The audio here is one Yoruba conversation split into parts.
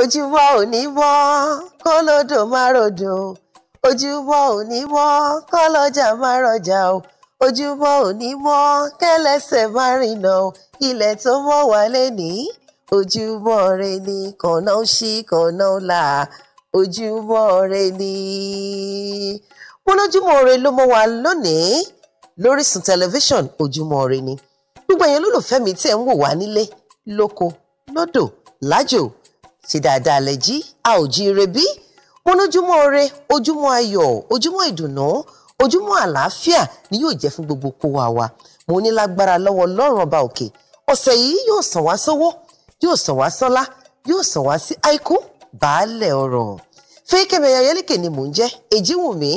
ojúmọ́ òní mọ́ kólódò má rodò ojúmọ́ òní mọ́ kọ́lọ́jà má rọjà o ojúmọ́ òní mọ́ kẹ́lẹ́sẹ̀ má rìnà o ilẹ̀ tó mọ́ wálé ní ojúmọ́ rẹ ni kànáà ń ṣí kànáà ń là ojúmọ́ rẹ ni. wọ́n lójúmọ́ rẹ ló mọ́ wa lónìí lórísun tẹlifíṣàn ojúmọ́ rẹ ni gbogbo ẹ̀yin olólùfẹ́ mi tẹ̀ ń wò wá nílé lóko lódò lájò tí dáadáa lẹ jí a ò jí ire bí mo lójúmọ́ ore ojúmọ́ ayọ̀ ojúmọ́ ìdùnnú ojúmọ́ àlàáfíà ni yóò jẹ́ fún gbogbo kó wa wa mo ní lágbára lọ́wọ́ Ọlọ́run ọba òkè ọ̀sẹ̀ yìí yóò sàn wá sówó yóò sàn wá sọ́lá yóò sàn wá sí àìkú baálẹ̀ ọrọ̀ Fẹ́yìkẹ́mi Oyaleke ni mò ń jẹ́ Èjìwùmí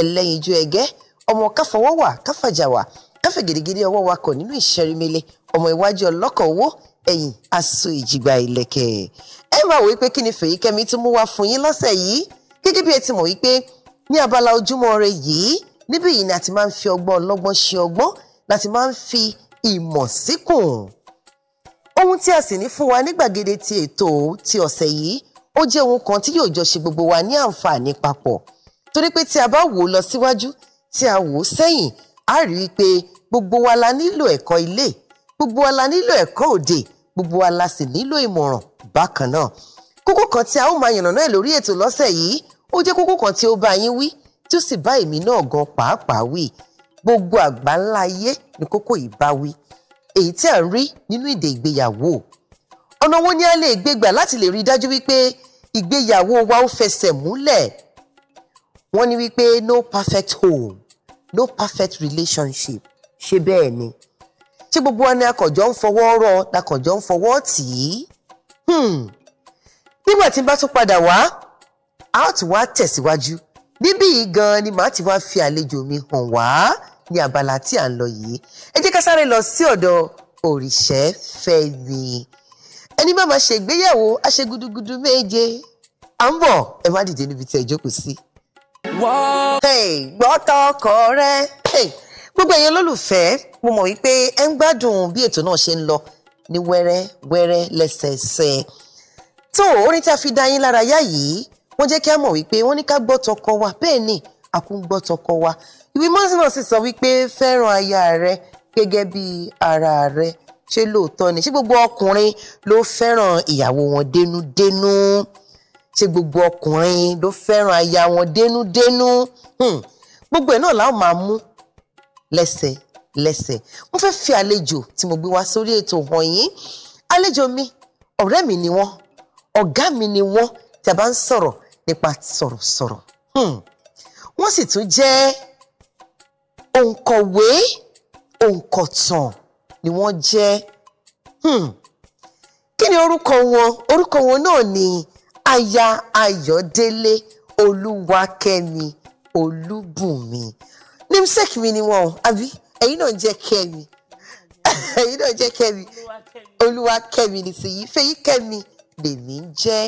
ẹlẹ́yinjú ẹ̀gẹ́ ọmọ káfọwọ́wà káfàjàwà káfẹ̀gẹ̀dẹ̀gẹ̀dẹ̀ ọwọ́ wa kọ̀ nínú ìṣẹ́rímẹ́lẹ̀ ọmọ iwájú ọlọ́kọ̀ owó ẹ̀yìn aṣọ ìjìgbà ìlẹ̀kẹ̀. ẹ máa wí pé kí ni Fèyíkẹ́mi tún mú wá fún yín lọ́sẹ̀ yìí gẹ́gẹ́ bí ẹ ti mọ̀ wípé ní abala ojúmọ́ ire yìí níbí yìí ni a ti máa ń fi ọgbọ́n ọlọ́gbọ́n ṣe ọgbọ́n láti máa ń fi ìmọ̀ síkùn. ohun tí a sì ní fún wa ní gbàgede ti ètò ti ọ̀sẹ̀ yìí ó jẹ́ ohun kan tí yóò jọ ṣe gbogbo wa ní àǹfààní papọ̀ torí pé tí a bá wò ó lọ síwájú tí a wò ó sẹ́yìn a rí i pé gbogbo wa la nílò ẹ̀kọ́ ilé gbogbo wa la nílò ẹ̀kọ́ òde gbogbo wa la sì nílò ìmọ̀ràn bákan náà kókó kan tí a ó máa yànnàná ẹ̀ lórí ètò lọ́sẹ̀ yìí ó jẹ́ kókó kan tí ó bá yín wí tí ó sì bá èmi náà gan pàápàá wí gbogbo àgbà ńlá ayé ni kókó yìí bá wí èyí tí à ń rí nínú ìdè ìgbéyàwó ọ̀nà wo ni a lè gbé gbà láti lè rí dájú wípé ìgbéyàwó wa ó fẹsẹ̀ múlẹ̀ wọ́n ní wípé no perfect home no perfect relationship ṣe bẹ́ẹ̀ ni ṣé gbogbo wa ni akọ̀jọ́ ń fọwọ́ rọ lakọ̀jọ́ ń fọwọ́ tì í. Hmm. nígbà tí n bá tún padà wá a ó tún wá tẹ̀síwájú bíbí yìí gan ni màá ti wá fi àlejò mi hàn wá ní abala tí à ń lọ yìí ẹ jẹ́ ká sáré lọ sí ọ̀dọ̀ òrìṣẹ́ Fẹ́mi ẹni má máa ṣègbéyàwó aṣegudugudu méje à ń bọ̀ ẹ má dìde níbi tí ẹ jókòó sí. wọ́n gbọ́ tọkọ rẹ. Hey gbogbo ẹ̀yin olólùfẹ́ mo mọ̀ wípé ẹ ń gbádùn bí ètò náà ṣe ń lọ ní wẹ́rẹ́ wẹ́rẹ́ lẹ́sẹẹsẹ tó orin tá a fi dá yín lára yá yìí wọ́n jẹ́ kí a mọ̀ wípé wọ́n ní ká gbọ́ tọkọ wa bẹ́ẹ̀ ni àkúngbọ́ tọkọ wa ìwé mọ́sí náà sì sọ wípé fẹ́ràn aya rẹ gẹ́gẹ́ bí ara rẹ ṣé lóòótọ́ ni ṣé gbogbo ọkùnrin ló fẹ́ràn ìyàwó wọn dénúdénú ṣé gbogbo ọkùnrin ló fẹ́ràn aya wọn dénúdénú hmm. gbogbo ẹ̀ náà la máa mú lẹ́sẹ̀lẹ́sẹ̀ mo fẹ́ fi àlejò tí mo gbé wá sórí ètò hàn yín àlejò mi ọ̀rẹ́ mi ni wọ́n ọ̀gá mi ni wọ́n tí a bá ń sọ̀rọ̀ nípa sọ̀rọ̀sọ̀rọ̀ hmm. wọ́n sì tún jẹ́ òǹkọ̀wé òǹkọ̀tàn ni wọ́n jẹ́ hmm. kí ni orúkọ wọn orúkọ wọn náà ni aya Ayọ̀délé Olúwakẹ́mi Olúbùnmi namesake mi ni wọn o àbí ẹ̀yin náà jẹ́ kẹ́mi ẹ̀yin náà jẹ́ kẹ́mi Olúwakẹ́mi ni tìyí Fẹ́yìkẹ́mi lèmi ń jẹ́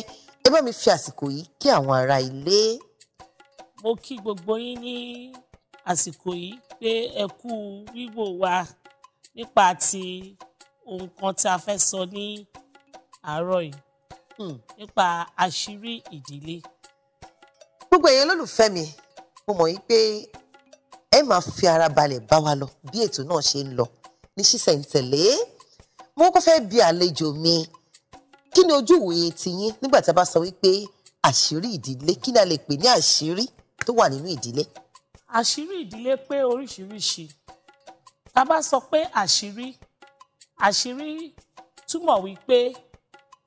ẹ bá mi fi àsìkò yìí kí àwọn ará ilé. mo kí gbogbo yín ní àsìkò yìí pé ẹ kú wíwò wa nípa ti ohun kan tí a fẹ́ sọ ní àárọ̀ yìí hmm. nípa àṣírí ìdílé. gbogbo èèyàn lólùfẹ́ mi mo mọ̀ yín pé máa fi ara balẹ̀ bá wa lọ bí ètò náà ṣe ń lọ ní ṣísẹ̀ntẹ̀lé mo kọ́ fẹ́ bi àlejò mi kí ni ojú ìwòye tiyín nígbà tá a bá sọ wípé àṣírí ìdílé kí ni a lè pè ní àṣírí tó wà nínú ìdílé. àṣírí ìdílé pé oríṣiríṣi tá a bá sọ pé àṣírí àṣírí túmọ̀ wípé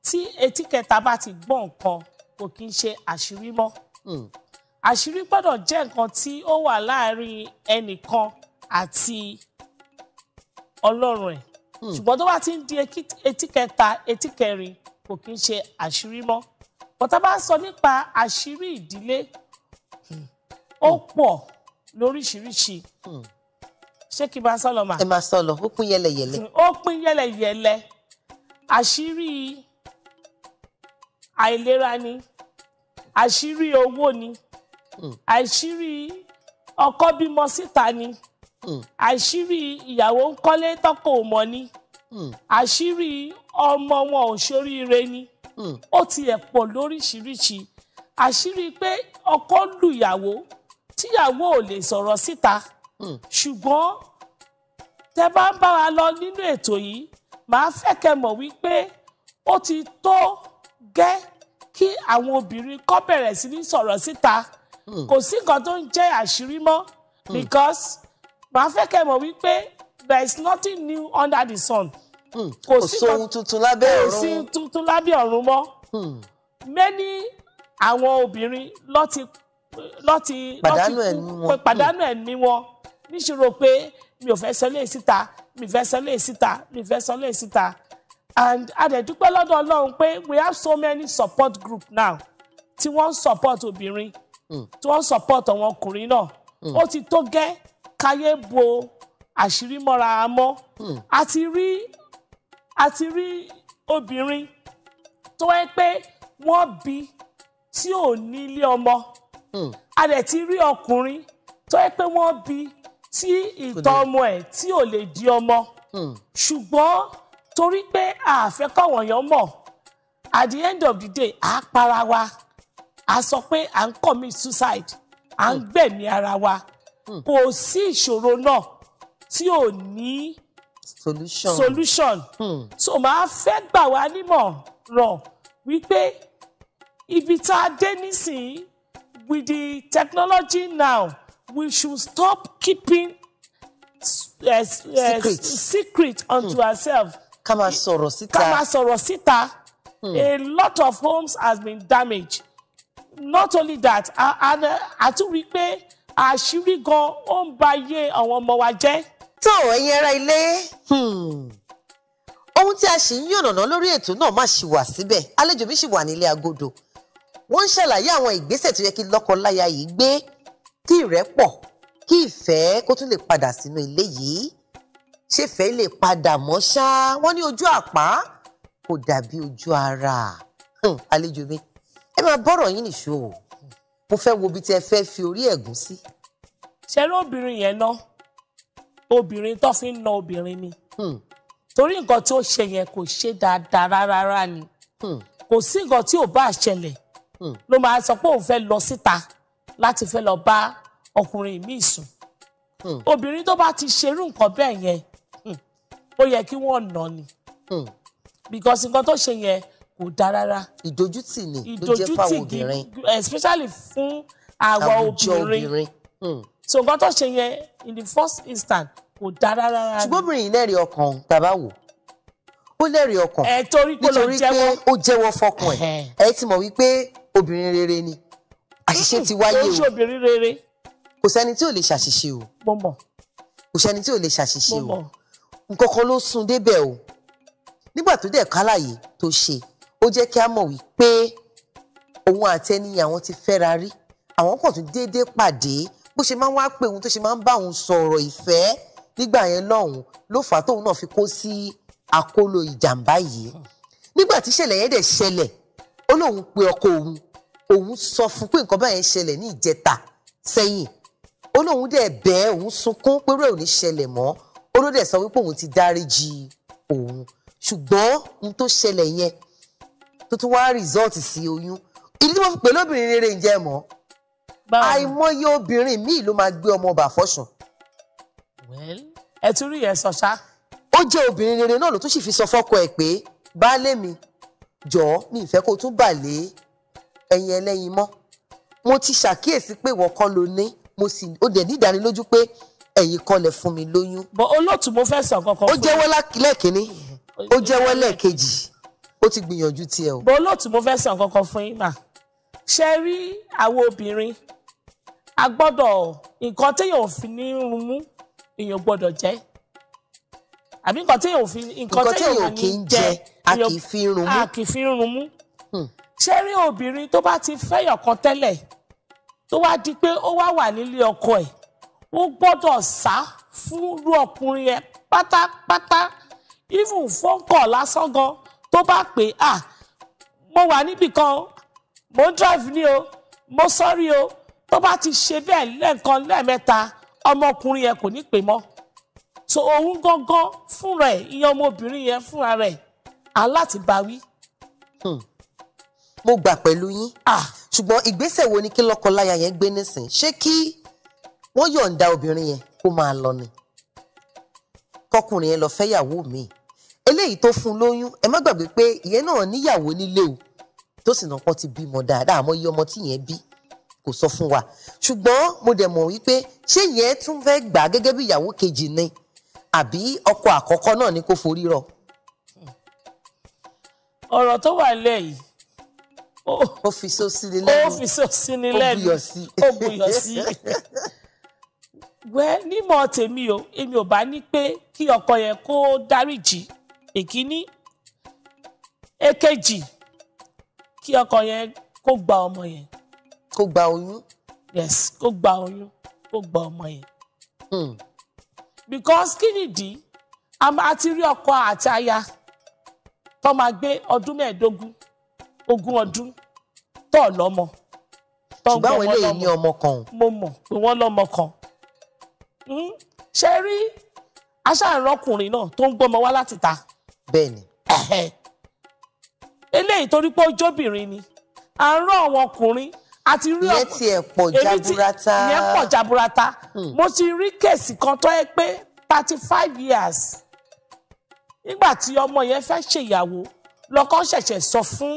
tí etí kẹta bá ti gbọ́ nǹkan kò kí ń ṣe àṣírí mọ́. Hmm àṣírí gbọ́dọ̀ jẹ́ nǹkan tí ó wà láàárín ẹnìkan àti ọlọ́run ẹ̀ hmm. ṣùgbọ́n tó bá ti ń di etí kẹta etí kẹrin kò kí ń ṣe àṣírí mọ́ bọ́tá bá ń sọ nípa àṣírí ìdílé hmm. ó hmm. pọ̀ lóríṣiríṣi ṣé kí n máa sọ lọ ẹ máa sọ ó pín yẹlẹyẹlẹ. ó pín yẹlẹyẹlẹ àṣírí àìlera ni àṣírí owó ni Hmm. àìṣírí ọkọ bímọ síta ni hmm. àìṣírí ìyàwó ń kọ́lé tọ́kọ ò mọ̀ ni hmm. àṣírí ọmọ wọn ò ṣoríire ni ó tiẹ̀ pọ̀ lóríṣiríṣi àṣírí pé ọkọ lùyàwó tíyàwó ò lè sọ̀rọ̀ síta ṣùgbọ́n tẹ bá ń bá wa lọ nínú ètò yìí màá fẹ́ kẹ́ mọ̀ wípé ó ti tó gẹ́ kí àwọn obìnrin kọ́ bẹ̀rẹ̀ sí ní sọ̀rọ̀ síta. Si Mm. kò sí nǹkan tó ń jẹ́ àṣírí mọ́ mm. because màá fẹ́ kẹ́ mọ̀ wípé there is nothing new under the sun. Mm. kò sí tuntun lábẹ́ ọ̀run kò sí tuntun lábẹ́ ọ̀run mọ́. many àwọn obìnrin ló ti ló pàdánù ẹ̀mí wọn níṣòro pé mi ò fẹ́ sọ síta mi fẹ́ sọ síta mi fẹ́ sọ síta and adẹ̀dúpẹ́ lọ́dọ̀ Ọlọ́run pé we have so many support group now tí wọ́n ń support obìnrin. Mm. tí wọ́n support àwọn ọkùnrin náà mm. ó ti tó gẹ́ káyé bo àṣírí mọ́ra mọ́ àti mm. rí àti rí obìnrin tó yẹ pé wọ́n bí tí ò ní ilé ọmọ a dẹ̀ ti rí ọkùnrin tó yẹ pé wọ́n bí tí ìtọ́ ọmọ ẹ̀ tí ò lè di ọmọ ṣùgbọ́n torí pé a mọ̀ at the end of the day a para wa a sọ pé à ń commit suicide à ń hmm. gbẹ̀mí ara wa hmm. kò sí ìṣòro náà tí ò ní solution solution hmm. so màá fẹ́ gbà wá nímọ̀ràn wípé ibi tá a dé nísìnyí with the technology now we should stop keeping uh, uh, secret. secret unto hmm. ourselves. ká máa sọ̀rọ̀ síta. Hmm. A lot of homes has been damaged not only that àtúwí pé àṣírí gan ó ń ba ayé àwọn ọmọ wa jẹ́. tó ẹ̀yin ará ilé hmm. ohun tí a sì ń yànnàná lórí ètò náà má ṣì wà síbẹ̀ àlejò mi sì wà nílé agodo wọ́n ń ṣàlàyé àwọn ìgbésẹ̀ tó yẹ kí lọ́kọ-láya yìí gbé kí ìrẹ́pọ̀ kí ìfẹ́ kó tún lè padà sínú ilé yìí ṣèfẹ́ lè padà mọ́ ṣá wọ́n ní ojú àpá kò dàbí ojú ara hmm, àlejò mi ẹ máa bọ́rọ̀ yín nìṣó o mo fẹ́ wo ibi tí ẹ fẹ́ fi orí ẹ̀gún sí. ṣe ló obìnrin yẹn ná obìnrin tó fi ń na obìnrin ni hmm. torí nǹkan tí ó ṣe yẹn kò ṣe dáadáa rárá ni hmm. kò sí nǹkan tí ò bá ṣẹlẹ̀ hmm. ló máa sọ pé òun fẹ́ lọ síta láti fẹ́ lọ bá ọkùnrin míì sùn obìnrin tó bá ti ṣerú nǹkan bẹ́ẹ̀ yẹn ó yẹ kí wọ́n nà ni because nǹkan tó ṣe yẹn kò dáa rárá. ìdójútì ni ló jẹ́ fáwọn obìnrin. especially fún àwa obìnrin. Hmm. so nǹkan tó ṣe yẹn in the first instant kò dáa rárá. ṣùgbọ́n obìnrin yìí lẹ́rìí ọkàn bàbá wò ó lẹ́rìí ọkàn nítorí pé ó jẹ́wọ́ fọkàn ẹ̀ ẹ ti mọ̀ wípé obìnrin rere ni àṣìṣe ti wáyé hmm. o kò sẹ́ni tí ò lè ṣàṣìṣe o kò sẹ́ni tí ò lè ṣàṣìṣe o nǹkan kan ló sún débẹ̀ o nígbà tó dẹ̀ kálàyé tó ṣe ó jẹ́ kí a mọ̀ wípé òun àti ẹni àwọn ti fẹ́ra rí àwọn kan tún déédé pàdé bó ṣe máa ń wá pé òun tó ṣe máa ń bá òun sọ̀rọ̀ ìfẹ́ nígbà yẹn lọ́hùn ló fà á tóun náà fi kó sí àkóló ìjàmbá yìí nígbà tí ìṣẹ̀lẹ̀ yẹn dẹ̀ ṣẹlẹ̀ ó lóun pe ọkọ òun òun sọ fún pé nǹkan báyẹn ṣẹlẹ̀ ní ìjẹta sẹ́yìn ó lóun dẹ̀ bẹ́ẹ̀ òun sunkún pé rẹ̀ ò ní ṣẹlẹ̀ mọ́ ó ló dẹ̀ sọ wípé òun ti dáríjì òun ṣùgbọ́n ohun tó ṣẹlẹ̀ yẹn tó tún wá result sí oyún ìdí mo fi pè lóbìnrin rere ǹjẹ́ mọ̀ àìmọye obìnrin míì ló máa gbé ọmọ ọba fọ́sùn. ẹ tún rí yẹn ṣá. ó jẹ́ obìnrin rere náà ló tún sì fi sọ fọ́kọ ẹ̀ pé baálé mi jọ̀ọ́ mi ìfẹ́ kó tún bà lé ẹ̀yin ẹlẹ́yin mọ́ mo ti ṣàkíyèsí pé ìwọ kọ́ ló ní mo sì ó dẹ̀ ní ìdánilójú pé ẹ̀yin kọ́ lẹ fún mi lóyún. bọ olóòtú mo fẹ́ sọ kankan ó jẹ́wọ́ lẹ́ẹ̀kínní ó jẹ́wọ́ lẹ́ẹ̀kejì ó ti gbìyànjú tiẹ̀ o. bọ́ọ̀ lóòtú mo fẹ́ sàn kankan fún yín mà ṣe rí àwọn obìnrin a gbọ́dọ̀ nǹkan téèyàn ò fi ní rún mú èèyàn gbọ́dọ̀ jẹ́ àbí nǹkan téèyàn ò fi nǹkan téèyàn ò kì í jẹ a kì í fi rún mú. a hmm. kì í fi rún mú. ṣé rí obìnrin tó bá ti fẹ́yàn kan tẹ́lẹ̀ tó wá di pé ó wá wà nílé ọkọ ẹ̀ ó gbọ́dọ̀ sá fún irú ọkùnrin yẹn pátápátá even fọ́ńkọ̀ lásán gan-an tó bá pè á mo wà níbì kan o mo ń drive ní o mo sọ́rí o tó bá ti ṣe bẹ́ẹ̀ lẹ́ẹ̀kan lẹ́ẹ̀mẹ́ta ọmọkùnrin yẹn kò ní pè mọ́ so òun gangan fúnra ẹ̀ ìyẹn ọmọbìnrin yẹn fúnra rẹ̀ aláti bá wí. Hmm. mo gbà pẹ̀lú yín ṣùgbọ́n ìgbésẹ̀ wo ni kí lọ́kọláya yẹn gbé nísìn ṣé kí wọ́n yọ̀ǹda obìnrin yẹn kó máa lọ ni kọkùnrin yẹn lọ fẹ́yàwó míì eléyìí tó fún lóyún ẹ má gbàgbé pé ìyẹn náà níyàwó nílé o tó sì náà pọ́n ti bímọ dáadáa àmọ́ iye ọmọ tí yẹn bí kò sọ fún wa ṣùgbọ́n mo dẹ̀ mọ̀ wípé ṣé yẹn tún fẹ́ gbà gẹ́gẹ́ bí ìyàwó kejì ni àbí ọkọ àkọ́kọ́ náà ni kò forí rọ. ọ̀rọ̀ tó wà lẹ̀ yìí ó fi so ni lẹ́nu ó fi so ni lẹ́nu ó buyọ̀ sí ó wẹ́ẹ́ nímọ̀ tèmi o èmi ò bá ní pé kí ọkọ yẹn kó dáríjì ìkíní èkejì kí ọkọ yẹn kó gba ọmọ yẹn. kó gba oyún. yes kó gba oyún kó gba ọmọ yẹn. Hmm. because kí nìdí a ti rí ọkọ àti aya tó máa gbé ọdún mẹ́ẹ̀ẹ́dógún ogún ọdún tó lọ́mọ. ṣùgbọ́n àwọn eléyìí ní ọmọ kan. mo mọ̀ pé wọ́n lọ́mọ kan. Hmm. ṣe rí aṣáàrán ọkùnrin náà tó ń gbọ́mọ wá láti ta bẹ́ẹ̀ni. eléyìí torí pé ó jóbìnrin ni à ń rán àwọn ọkùnrin àti rí ọkùnrin ìyẹn tiẹ̀ pọ̀ jaburata ìyẹn pọ̀ jaburata hmm. mo ti rí kèsì kan tó yẹ pé thirty five years nígbà tí ọmọ yẹn fẹ́ ṣèyàwó lọ́kọ ṣẹ̀ṣẹ̀ sọ fún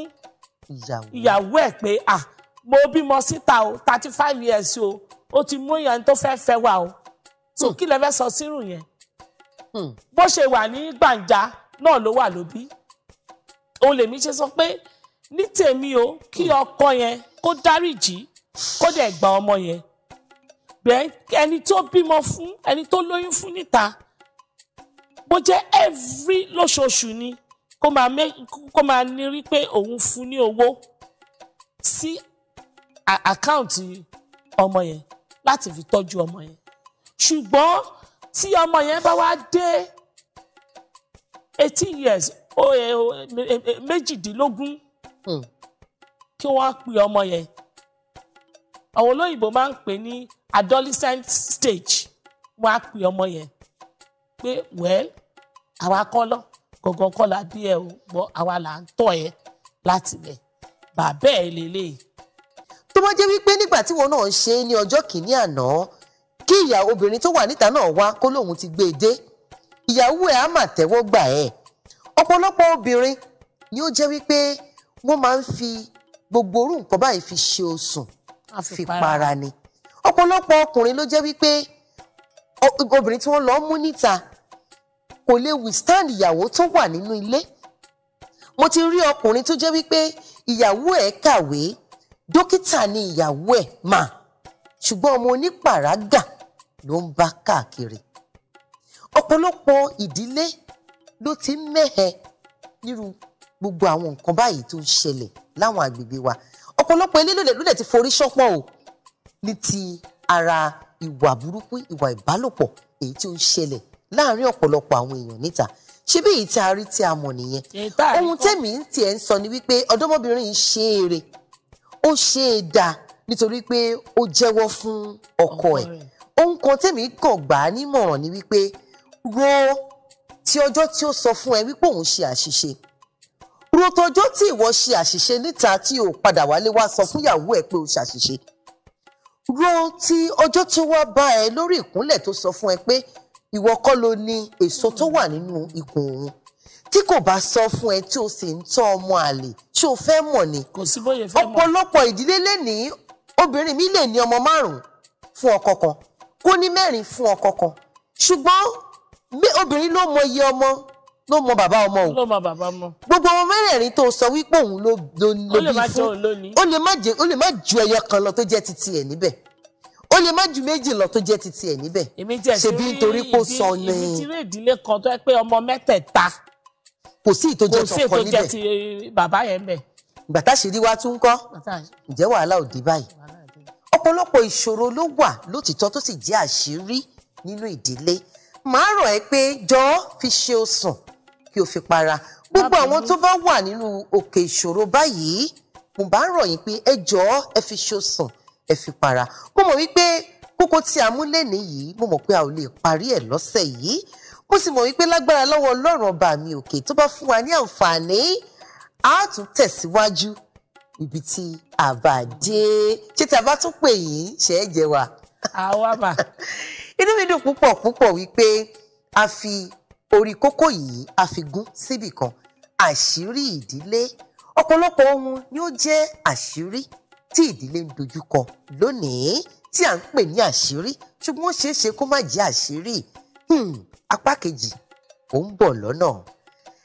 ìyàwó ẹ̀ pé ah mo bímọ síta o thirty five years o ó ti mú èèyàn tó fẹ́ fẹ́ wa o so hmm. kí lẹ fẹ́ sọ sírù yẹn hmm. bó ṣe wà ní gbàǹjà náà ló wà lóbí òun lèmi ṣe sọ pé ní tèmi o kí ọkọ yẹn kó dáríjì kó dẹ̀ gba ọmọ yẹn bẹ́ẹ̀ ẹni tó bímọ fún ẹni tó lóyún fún níta bó jẹ́ every lóṣooṣù ni kó máa mẹ kó máa ní rí pé òun fún ní owó sí àkáǹtì ọmọ yẹn láti fi tọ́jú ọmọ yẹn ṣùgbọ́n tí ọmọ yẹn bá wá dé eighteen years méjìdínlógún hmm. kí wọ́n pe ọmọ yẹn àwọn olóyìnbó máa ń pè ní adolescent stage wọ́n á pe ọmọ yẹn pé well àwa kọ́ lọ gangan kọ́ la bí ẹ o gbọ́ àwa là ń tọ́ ẹ láti lẹ̀ bàbá ẹ lélẹ̀. tó bá jẹ́ wípé nígbà tí wọn náà ṣe é ní ọjọ́ kìíní àná kí ìyá obìnrin tó wà níta náà wá kó lóun ti gbé e dé ìyàwó ẹ̀ á mà tẹ́wọ́ gbà ẹ̀ ọ̀pọ̀lọpọ̀ obìnrin ni ó jẹ́ wípé wọ́n máa ń fi gbogbo orú nǹkan báyìí fi ṣe osùn fi para ni ọ̀pọ̀lọpọ̀ ọkùnrin ló jẹ́ wípé obìnrin tí wọ́n lọ mú níta kò lè withstand ìyàwó tó wà nínú ilé mo ti rí ọkùnrin tó jẹ́ wípé ìyàwó ẹ̀ kàwé dókítà ni ìyàwó ẹ̀ mà ṣùgbọ́n ọmọ onípàrágà ló ń bá káàkiri ọ̀pọ̀lọpọ̀ ìdílé ló ti ń mẹ́hẹ̀ nírú gbogbo àwọn nǹkan báyìí tó ń ṣẹlẹ̀ láwọn àgbègbè wa ọ̀pọ̀lọpọ̀ ilé ló lè ti forí ṣánpọ́n o ní ti ara ìwà burúkú ìwà ìbálòpọ̀ èyí tí ó ń ṣẹlẹ̀ láàárín ọ̀pọ̀lọpọ̀ àwọn èèyàn níta ṣé bí èyí tí a rí tí a mọ̀ nìyẹn ohun tẹ̀mí tiẹ̀ ń sọ ni wípé ọ̀dọ́mọbìnrin yìí ṣe é re ó ṣe é dá nítorí pé ó jẹ́wọ́ fún ọkọ ẹ̀ ohun kan tẹ̀mí kàn gbà á nímọ̀ràn ni wípé ro ti ọjọ́ tí ó sọ fún ẹ wípé òun ṣe àṣìṣe ro tọjọ́ tí ìwọ ṣe àṣìṣe níta tí ò padà wálé wá sọ fún ìyàwó ẹ pé ó ṣàṣìṣe ro ti ọjọ́ tó wá bá ẹ lórí ìkúnlẹ̀ tó sọ fún ẹ pé ìwọ kọ́ ló ní èso tó wà nínú ikùn òun tí kò bá sọ fún ẹ tí o sì ń tọ́ ọmọ àlè ṣé o fẹ́ mọ̀ ni. kò ìdílé lè ní obìnrin mi lè ní ọmọ márùn fún ọkọ kan kó ní mẹ́rin fún ọkọ kan ṣùgbọ́n obìnrin ló mọ iye ọmọ ló mọ bàbá ọmọ o ló mọ bàbá ọmọ gbogbo ọmọ mẹ́rẹ̀ẹ̀rin tó sọ wípé òun ló ló bí fún ó lè má jẹ ó lè má ju ẹyọ kan lọ tó jẹ́ titi ẹ̀ níbẹ̀ ó lè má ju méjì lọ tó jẹ́ titi ẹ̀ níbẹ̀ ṣebí nítorí kó sọ ni èmi ti rí ìdílé kan tó jẹ́ pé ọmọ mẹ́tẹ̀ẹ̀ta kò sí ìtòjẹ́ tọkọ níbẹ̀ kò sí ìtòjẹ́ ti eh, bàbá yẹn bẹ̀ gbàtà ṣèrí wa tún kọ́ ǹjẹ́ wàhálà ò dé báyìí ọ̀pọ̀lọpọ̀ màá rọ̀ ẹ́ pé jọ̀ọ́ fi ṣe o sùn kí o fi para gbogbo àwọn tó bá wà nínú òkè ìṣòro báyìí mo bá rọ̀ yín pé ẹ jọ̀ọ́ ẹ fi ṣe o sùn ẹ fi para mo mọ̀ wípé kókó tí a mú lẹ́nìí yìí mo mọ̀ pé a ò lè parí ẹ̀ lọ́sẹ̀ yìí mo sì mọ̀ wípé lágbára lọ́wọ́ ọlọ́run ọba mi òkè tó bá fún wa ní àǹfààní a tún tẹ̀síwájú ibi tí a bá dé ṣé tí a bá tún pè yín ṣe é jẹ wa. àwa mà inú mi dùn púpọ̀ púpọ̀ wípé a fi orí kókó yìí a fi gún síbì kan àṣírí ìdílé ọ̀pọ̀lọpọ̀ ohun ni ó jẹ́ àṣírí tí ìdílé ń dojúkọ lónìí tí à ń pè ní àṣírí ṣùgbọ́n ó ṣeé ṣe kó má jẹ́ àṣírí hmm, apá kejì ó ń bọ̀ lọ́nà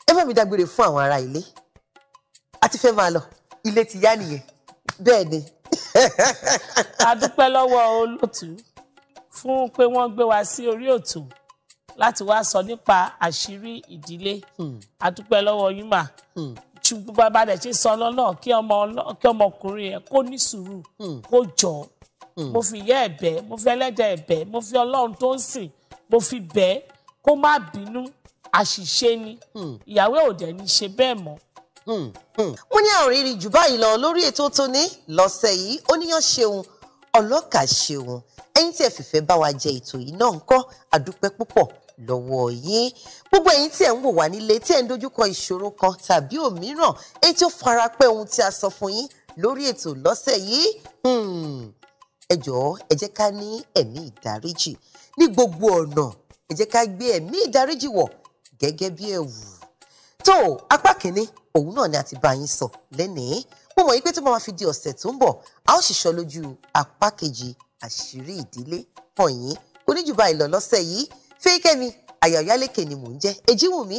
ẹ bá mi dágbére fún àwọn ará ilé a ti fẹ́ máa lọ ilé ti yá nìyẹn bẹ́ẹ̀ ni. a dúpẹ́ lọ́wọ́ olótùú fún pé wọ́n gbé wa sí orí òtò láti wá sọ nípa àṣírí ìdílé àdúpẹ́ hmm. lọ́wọ́ yín mà ṣùgbọ́n hmm. bàbá rẹ̀ ṣe sọ lọ́nà kí ọmọkùnrin yẹn kó ní sùúrù hmm. kó jọ mo fi ìyá ẹ̀bẹ̀ mo fi ẹlẹ́dẹ̀ ẹ̀bẹ̀ mo fi ọlọ́run tó ń sìn mo fi bẹ́ẹ̀ kó má bínú àṣìṣe ni ìyàwó òde ní ṣe bẹ́ẹ̀ mọ́ wọ́n ní àròrí jù báyìí lọ lórí ètò tóní lọ́sẹ̀ yìí ó níyàn ṣeun ọlọ́kà ṣeun ẹ̀yin tí ẹ fìfẹ́ bá wa jẹ ètò yìí náà ńkọ́ àdúpẹ́ púpọ̀ lọ́wọ́ yín gbogbo ẹ̀yin tí ẹ ń wò wá nílé tí ẹ ń dojúkọ ìṣòro kan tàbí òmíràn èyí tó farapẹ́ ohun tí a sọ fún yín lórí ètò lọ́sẹ̀ yìí hmm. ẹ jọ̀ọ́ ẹ jẹ́ ká ní ẹ̀mí ìdáríjì ní gbogbo ọ̀nà ẹ jẹ́ ká gbé ẹ̀mí ìdáríjì wọ̀ gẹ́gẹ́ bí ẹ̀wù tó apá kìíní òun náà ni a bá yín sọ lẹ́nìí mo mọ̀ wípé tó bá máa fi di ọ̀sẹ̀ tó ń bọ̀ a ó sì sọ lójú apá kejì àṣírí ìdílé hàn yín kò ní jù báyìí lọ́sẹ̀ yìí Fẹ́yìkẹ́mi àyàyálékè ni mò ń jẹ́ Èjìwùmí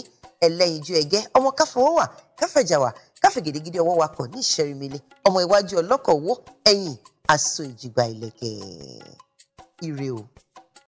ju ẹ̀gẹ́ ọmọ káfọwọ́wà káfẹ̀jàwà káfẹ̀ gidigidi ọwọ́ wa kọ̀ ní ìṣẹ́rìmẹ́lẹ́ ọmọ iwájú ọlọ́kọ̀ owó ẹ̀yìn aṣọ ìjìgbà ìlẹ̀kẹ̀ ire o.